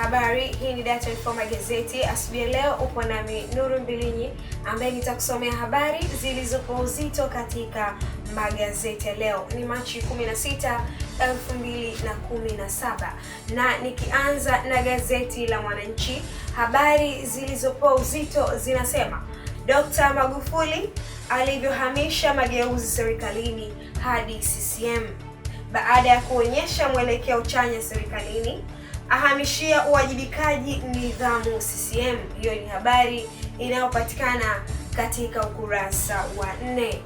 Habari, hii ni Dar 24 Magazeti. Asubuhi leo upo nami Nuru Mbilinyi ambaye nitakusomea habari zilizopo uzito katika magazeti ya leo. Ni Machi 16, 2017 na nikianza na gazeti la Mwananchi, habari zilizopo uzito zinasema Dkt. Magufuli alivyohamisha mageuzi serikalini hadi CCM baada ya kuonyesha mwelekeo chanya serikalini ahamishia uwajibikaji nidhamu CCM. Hiyo ni habari inayopatikana katika ukurasa wa nne.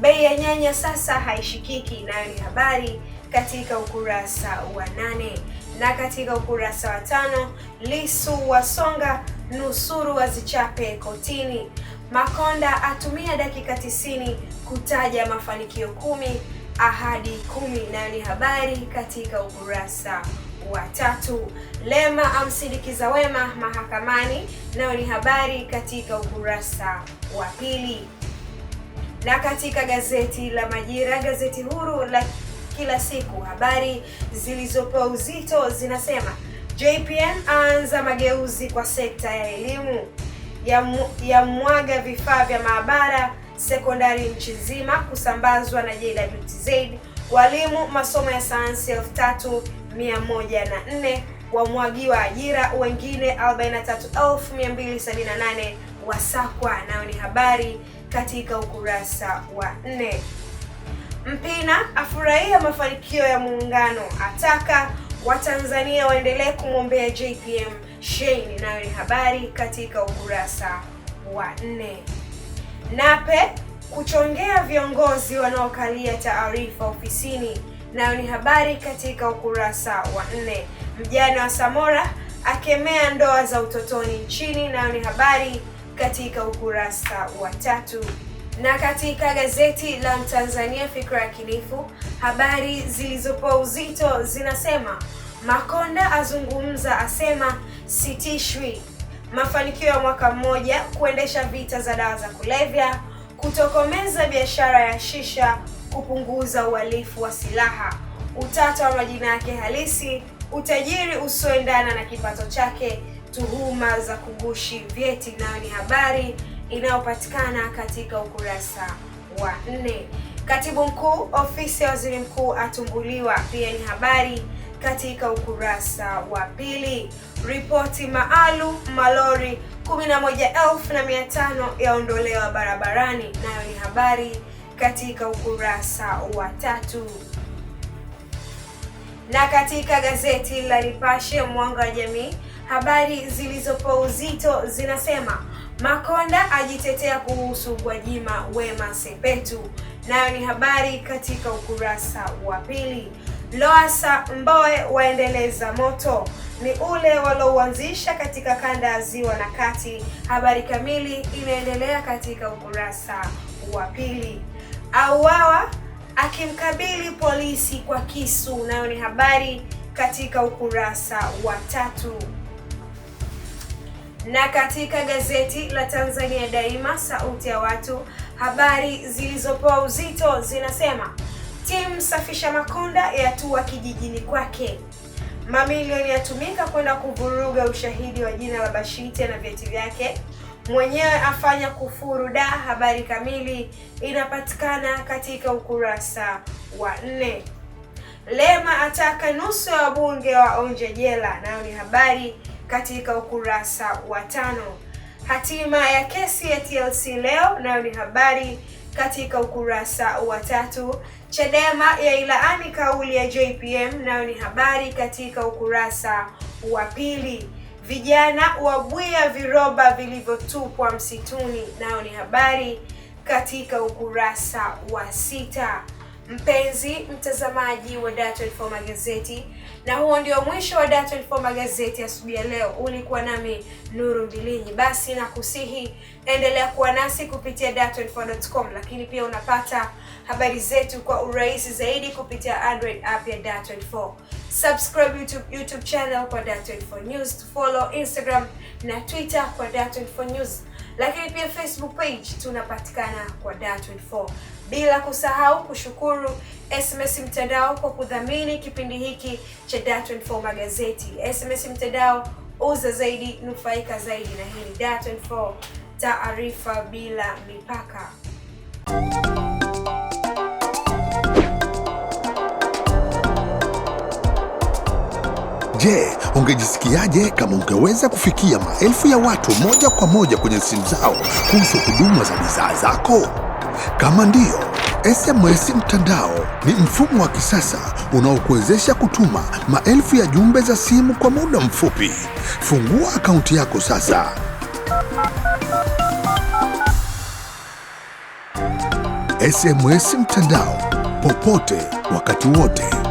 Bei ya nyanya sasa haishikiki, nayo ni habari katika ukurasa wa nane na katika ukurasa wa tano Lisu wasonga nusuru wazichape kotini. Makonda atumia dakika tisini kutaja mafanikio kumi ahadi kumi, nayo ni habari katika ukurasa watatu. Lema amsindikiza Wema mahakamani, nayo ni habari katika ukurasa wa pili. Na katika gazeti la Majira, gazeti huru la kila siku, habari zilizopewa uzito zinasema JPM aanza mageuzi kwa sekta ya elimu, ya mwaga vifaa vya maabara sekondari nchi nzima kusambazwa na JWTZ, walimu masomo ya sayansi elfu tatu 104 wamwagiwa ajira, wengine 43278 wasakwa. Nayo ni habari katika ukurasa wa nne. Mpina afurahia mafanikio ya muungano, ataka Watanzania waendelee kumwombea JPM Shein. Nayo ni habari katika ukurasa wa nne. Nape kuchongea viongozi wanaokalia taarifa ofisini nayo ni habari katika ukurasa wa nne. Mjane wa Samora akemea ndoa za utotoni nchini, nayo ni habari katika ukurasa wa tatu. Na katika gazeti la Mtanzania Fikra Yakinifu, habari zilizopewa uzito zinasema Makonda azungumza, asema sitishwi, mafanikio ya mwaka mmoja kuendesha vita za dawa za kulevya, kutokomeza biashara ya shisha kupunguza uhalifu wa silaha, utata wa majina yake halisi, utajiri usioendana na kipato chake, tuhuma za kugushi vyeti, nayo ni habari inayopatikana katika ukurasa wa nne. Katibu mkuu ofisi ya waziri mkuu atumbuliwa, pia ni habari katika ukurasa wa pili. Ripoti maalum malori 11,500 yaondolewa barabarani, nayo ni habari katika ukurasa wa tatu. Na katika gazeti la Nipashe mwanga wa jamii, habari zilizopo uzito zinasema Makonda ajitetea kuhusu Gwajima Wema Sepetu, nayo ni habari katika ukurasa wa pili. Loasa Mbowe waendeleza moto ni ule walouanzisha katika kanda ya ziwa na kati. Habari kamili inaendelea katika ukurasa wa pili auawa akimkabili polisi kwa kisu. Nayo ni habari katika ukurasa wa tatu. Na katika gazeti la Tanzania Daima, sauti ya watu, habari zilizopewa uzito zinasema timu safisha Makonda yatua kijijini kwake, mamilioni yatumika kwenda kuvuruga ushahidi wa jina la Bashite na vyeti vyake mwenyewe afanya kufuru da. Habari kamili inapatikana katika ukurasa wa nne. Lema ataka nusu ya wabunge waonje jela, nayo ni habari katika ukurasa wa tano. Hatima ya kesi ya TLC leo, nayo ni habari katika ukurasa wa tatu. Chadema ya ilaani kauli ya JPM, nayo ni habari katika ukurasa wa pili. Vijana wabwia viroba vilivyotupwa msituni, nayo ni habari katika ukurasa wa sita. Mpenzi mtazamaji wa Dar24 Magazeti, na huo ndio mwisho wa Dar24 Magazeti asubuhi ya leo. Ulikuwa nami Nuru Mbilinyi. Basi nakusihi endelea kuwa nasi kupitia Dar24.com, lakini pia unapata habari zetu kwa urahisi zaidi kupitia Android app ya Dar24. Subscribe YouTube, YouTube channel kwa Dar24 News, follow Instagram na Twitter kwa Dar24 News, lakini pia Facebook page tunapatikana kwa Dar24, bila kusahau kushukuru SMS Mtandao kwa kudhamini kipindi hiki cha Dar24 magazeti. SMS Mtandao, uza zaidi, nufaika zaidi. Na hii ni Dar24, taarifa bila mipaka. Je, ungejisikiaje kama ungeweza kufikia maelfu ya watu moja kwa moja kwenye simu zao kuhusu huduma za bidhaa zako? Kama ndiyo, SMS Mtandao ni mfumo wa kisasa unaokuwezesha kutuma maelfu ya jumbe za simu kwa muda mfupi. Fungua akaunti yako sasa. SMS Mtandao, popote wakati wote.